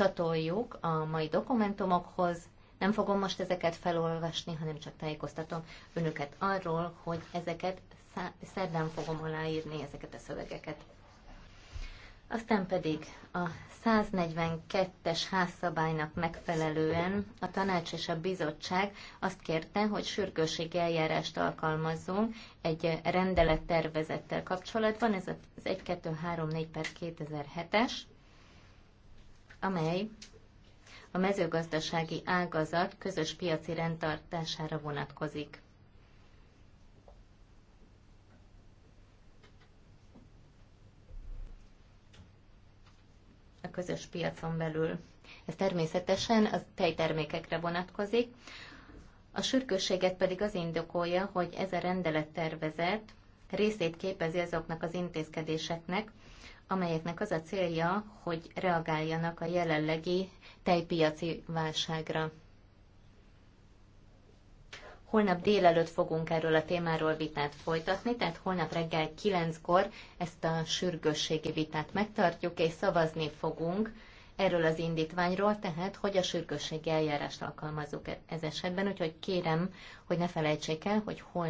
csatoljuk a mai dokumentumokhoz. Nem fogom most ezeket felolvasni, hanem csak tájékoztatom önöket arról, hogy ezeket szerdán fogom aláírni, ezeket a szövegeket. Aztán pedig a 142-es házszabálynak megfelelően a tanács és a bizottság azt kérte, hogy sürgőségi eljárást alkalmazzunk egy rendelettervezettel kapcsolatban, ez az 1234 per 2007-es, amely a mezőgazdasági ágazat közös piaci rendtartására vonatkozik. A közös piacon belül. Ez természetesen a tejtermékekre vonatkozik. A sürgősséget pedig az indokolja, hogy ez a rendelettervezet részét képezi azoknak az intézkedéseknek, amelyeknek az a célja, hogy reagáljanak a jelenlegi tejpiaci válságra. Holnap délelőtt fogunk erről a témáról vitát folytatni, tehát holnap reggel 9-kor ezt a sürgősségi vitát megtartjuk, és szavazni fogunk erről az indítványról, tehát hogy a sürgősségi eljárást alkalmazzuk e- ez esetben, úgyhogy kérem, hogy ne felejtsék el, hogy holnap